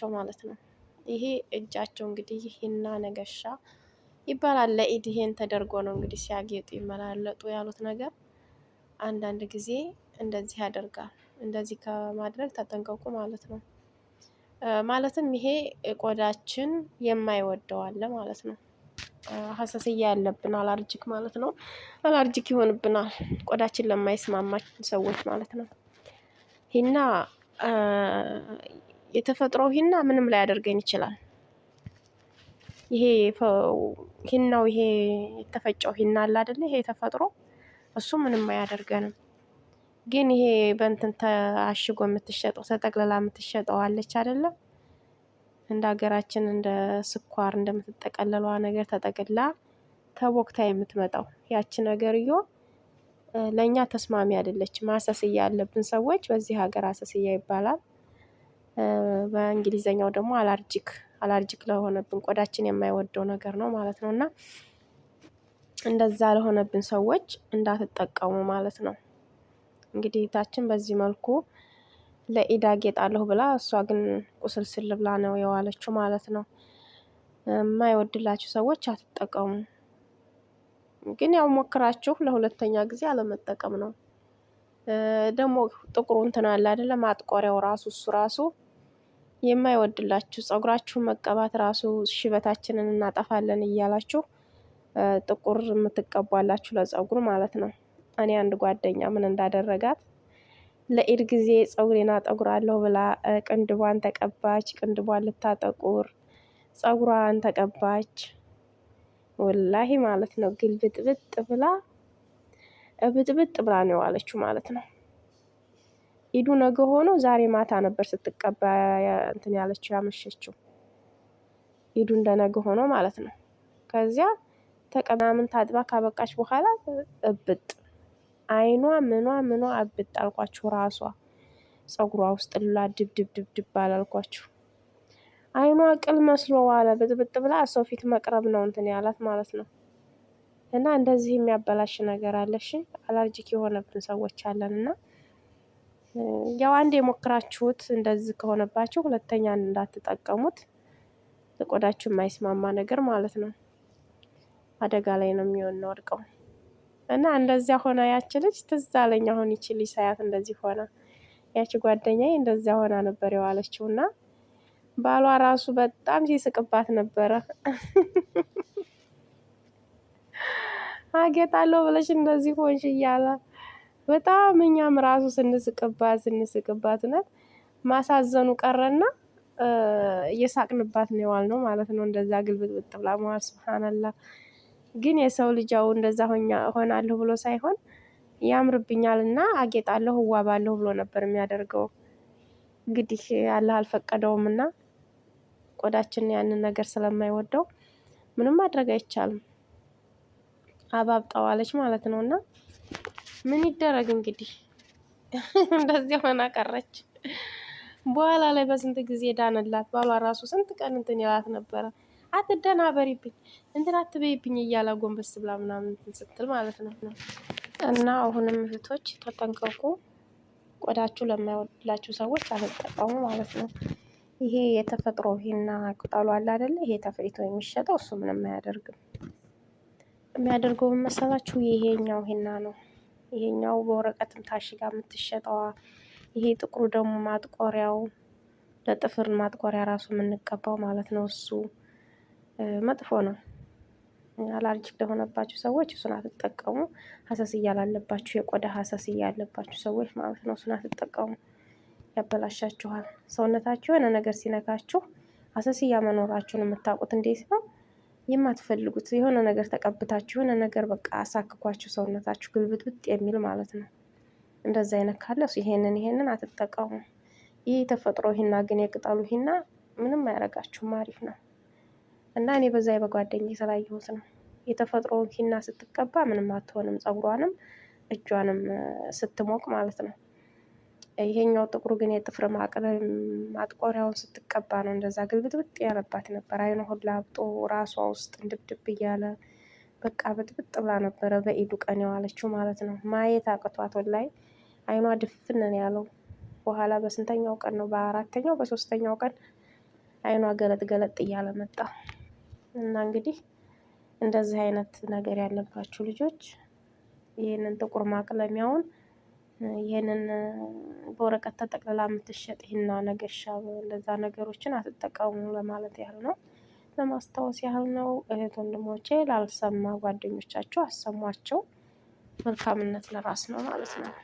ናቸው ማለት ነው። ይሄ እጃቸው እንግዲህ ሂና ነገሻ ይባላል። ለኢድ ይሄን ተደርጎ ነው እንግዲህ ሲያጌጡ ይመላለጡ ያሉት ነገር አንዳንድ ጊዜ እንደዚህ ያደርጋል። እንደዚህ ከማድረግ ተጠንቀቁ ማለት ነው። ማለትም ይሄ ቆዳችን የማይወደው አለ ማለት ነው። ሀሳስያ ያለብን አላርጅክ ማለት ነው። አላርጅክ ይሆንብናል ቆዳችን ለማይስማማች ሰዎች ማለት ነው። ሂና የተፈጥሮ ሂና ምንም ላይ ያደርገኝ ይችላል። ይሄ ሂናው ይሄ የተፈጨው ሂና አለ አይደለ? ይሄ የተፈጥሮ እሱ ምንም አያደርገንም። ግን ይሄ በእንትን ተአሽጎ የምትሸጠው ተጠቅልላ የምትሸጠው አለች አይደለም? እንደ ሀገራችን እንደ ስኳር እንደምትጠቀለሏ ነገር ተጠቅላ ተቦክታ የምትመጣው ያቺ ነገርዮ ለእኛ ተስማሚ አይደለችም። አሰስያ ያለብን ሰዎች በዚህ ሀገር አሰስያ ይባላል። በእንግሊዘኛው ደግሞ አላርጂክ አላርጂክ ለሆነብን ቆዳችን የማይወደው ነገር ነው ማለት ነው እና እንደዛ ለሆነብን ሰዎች እንዳትጠቀሙ ማለት ነው። እንግዲህ እህታችን በዚህ መልኩ ለኢዳ ጌጣለሁ ብላ እሷ ግን ቁስልስል ብላ ነው የዋለችው ማለት ነው። የማይወድላችሁ ሰዎች አትጠቀሙ። ግን ያው ሞክራችሁ ለሁለተኛ ጊዜ አለመጠቀም ነው። ደግሞ ጥቁሩ እንትን አለ አይደለም ማጥቆሪያው ራሱ እሱ ራሱ የማይወድላችሁ ጸጉራችሁን መቀባት ራሱ ሽበታችንን እናጠፋለን እያላችሁ ጥቁር የምትቀቧላችሁ ለጸጉር ማለት ነው። እኔ አንድ ጓደኛ ምን እንዳደረጋት ለኢድ ጊዜ ጸጉሬን አጠጉራለሁ ብላ ቅንድቧን ተቀባች። ቅንድቧን ልታጠቁር ጸጉሯን ተቀባች። ወላሂ ማለት ነው ግልብጥብጥ ብላ ብጥብጥ ብላ ነው የዋለችው ማለት ነው። ኢዱ ነገ ሆኖ ዛሬ ማታ ነበር ስትቀባ እንትን ያለችው ያመሸችው። ኢዱ እንደነገ ሆኖ ማለት ነው። ከዚያ ተቀምናምን ታጥባ ካበቃች በኋላ እብጥ አይኗ ምኗ ምኗ እብጥ አልኳችሁ። ራሷ ፀጉሯ ውስጥ ላ ድብድብ ድብድብ አላልኳችሁ። አይኗ ቅል መስሎ ዋለ። ብጥብጥ ብላ ሰው ፊት መቅረብ ነው እንትን ያላት ማለት ነው። እና እንደዚህ የሚያበላሽ ነገር አለሽ። አላርጂክ የሆነብን ሰዎች አለን እና ያው አንድ የሞክራችሁት እንደዚህ ከሆነባችሁ ሁለተኛ እንዳትጠቀሙት፣ ለቆዳችሁ የማይስማማ ነገር ማለት ነው። አደጋ ላይ ነው የሚሆን ወድቀው እና እንደዚያ ሆና ያች ልጅ ትዝ አለኝ። አሁን ይቺ ልጅ ሳያት እንደዚህ ሆና ያቺ ጓደኛዬ እንደዚያ ሆና ነበር የዋለችው እና ባሏ ራሱ በጣም ሲስቅባት ነበረ። አጌጣለሁ ብለሽ እንደዚህ ሆንሽ እያለ በጣም እኛም ራሱ ስንስቅባት ስንስቅባት እውነት ማሳዘኑ ቀረና እየሳቅንባት ነው የዋልነው ማለት ነው። እንደዛ ግልብጥብጥ ብላ መዋል ስብሓንላ። ግን የሰው ልጃው እንደዛ ሆናለሁ ብሎ ሳይሆን ያምርብኛልና አጌጣለሁ እዋባለሁ ብሎ ነበር የሚያደርገው። እንግዲህ አላህ አልፈቀደውም እና ቆዳችን ያንን ነገር ስለማይወደው ምንም ማድረግ አይቻልም። አባብጠዋለች ማለት ነው እና ምን ይደረግ እንግዲህ እንደዚህ ሆና ቀረች። በኋላ ላይ በስንት ጊዜ ዳንላት። ባሏ ራሱ ስንት ቀን እንትን ይላት ነበረ። አትደናበሪብኝ እንትን አትበይብኝ እያለ ጎንበስ ብላ ምናምን እንትን ስትል ማለት ነው። እና አሁንም እህቶች ተጠንቀቁ፣ ቆዳችሁ ለማይወድላችሁ ሰዎች አትጠቀሙ ማለት ነው። ይሄ የተፈጥሮ ሂና ቅጠሉ አለ አይደለ? ይሄ ተፈጭቶ የሚሸጠው እሱ ምንም አያደርግም። የሚያደርገው መሰላችሁ ይሄኛው ሂና ነው። ይሄኛው በወረቀትም ታሽጋ የምትሸጠዋ፣ ይሄ ጥቁሩ ደግሞ ማጥቆሪያው ለጥፍር ማጥቆሪያ ራሱ የምንቀባው ማለት ነው። እሱ መጥፎ ነው። አላርጂክ ለሆነባችሁ ሰዎች እሱን አትጠቀሙ። ሀሰስያ እያላለባችሁ የቆዳ ሀሰስያ እያለባችሁ ሰዎች ማለት ነው እሱን አትጠቀሙ። ያበላሻችኋል። ሰውነታችሁ የሆነ ነገር ሲነካችሁ ሀሰስያ መኖራችሁን የምታውቁት እንዴት ነው? የማትፈልጉት የሆነ ነገር ተቀብታችሁ የሆነ ነገር በቃ አሳክኳችሁ ሰውነታችሁ ግልብጥብጥ የሚል ማለት ነው። እንደዛ አይነት ካለ ይሄንን ይሄንን አትጠቀሙ። ይህ የተፈጥሮ ሂና ግን የቅጠሉ ሂና ምንም አያረጋችሁም፣ አሪፍ ነው እና እኔ በዛ በጓደኛ የተለያየሁት ነው። የተፈጥሮ ሂና ስትቀባ ምንም አትሆንም፣ ፀጉሯንም እጇንም ስትሞቅ ማለት ነው። ይሄኛው ጥቁሩ ግን የጥፍር ማጥቆሪያውን ስትቀባ ነው እንደዛ ግልብጥብጥ ያለባት ነበር። አይኗ ሁላ አብጦ ራሷ ውስጥ እንድብድብ እያለ በቃ ብጥብጥ ብላ ነበረ። በኢዱ ቀን የዋለችው ማለት ነው። ማየት አቅቷት ላይ አይኗ ድፍንን ያለው በኋላ በስንተኛው ቀን ነው? በአራተኛው በሶስተኛው ቀን አይኗ ገለጥ ገለጥ እያለ መጣ እና እንግዲህ እንደዚህ አይነት ነገር ያለባችሁ ልጆች ይህንን ጥቁር ማቅለሚያውን ይህንን በወረቀት ተጠቅልላ የምትሸጥ ይህና ነገሻ እንደዛ ነገሮችን አትጠቀሙ ለማለት ያህል ነው። ለማስታወስ ያህል ነው። እህት ወንድሞቼ፣ ላልሰማ ጓደኞቻችሁ አሰሟቸው። መልካምነት ለራስ ነው ማለት ነው።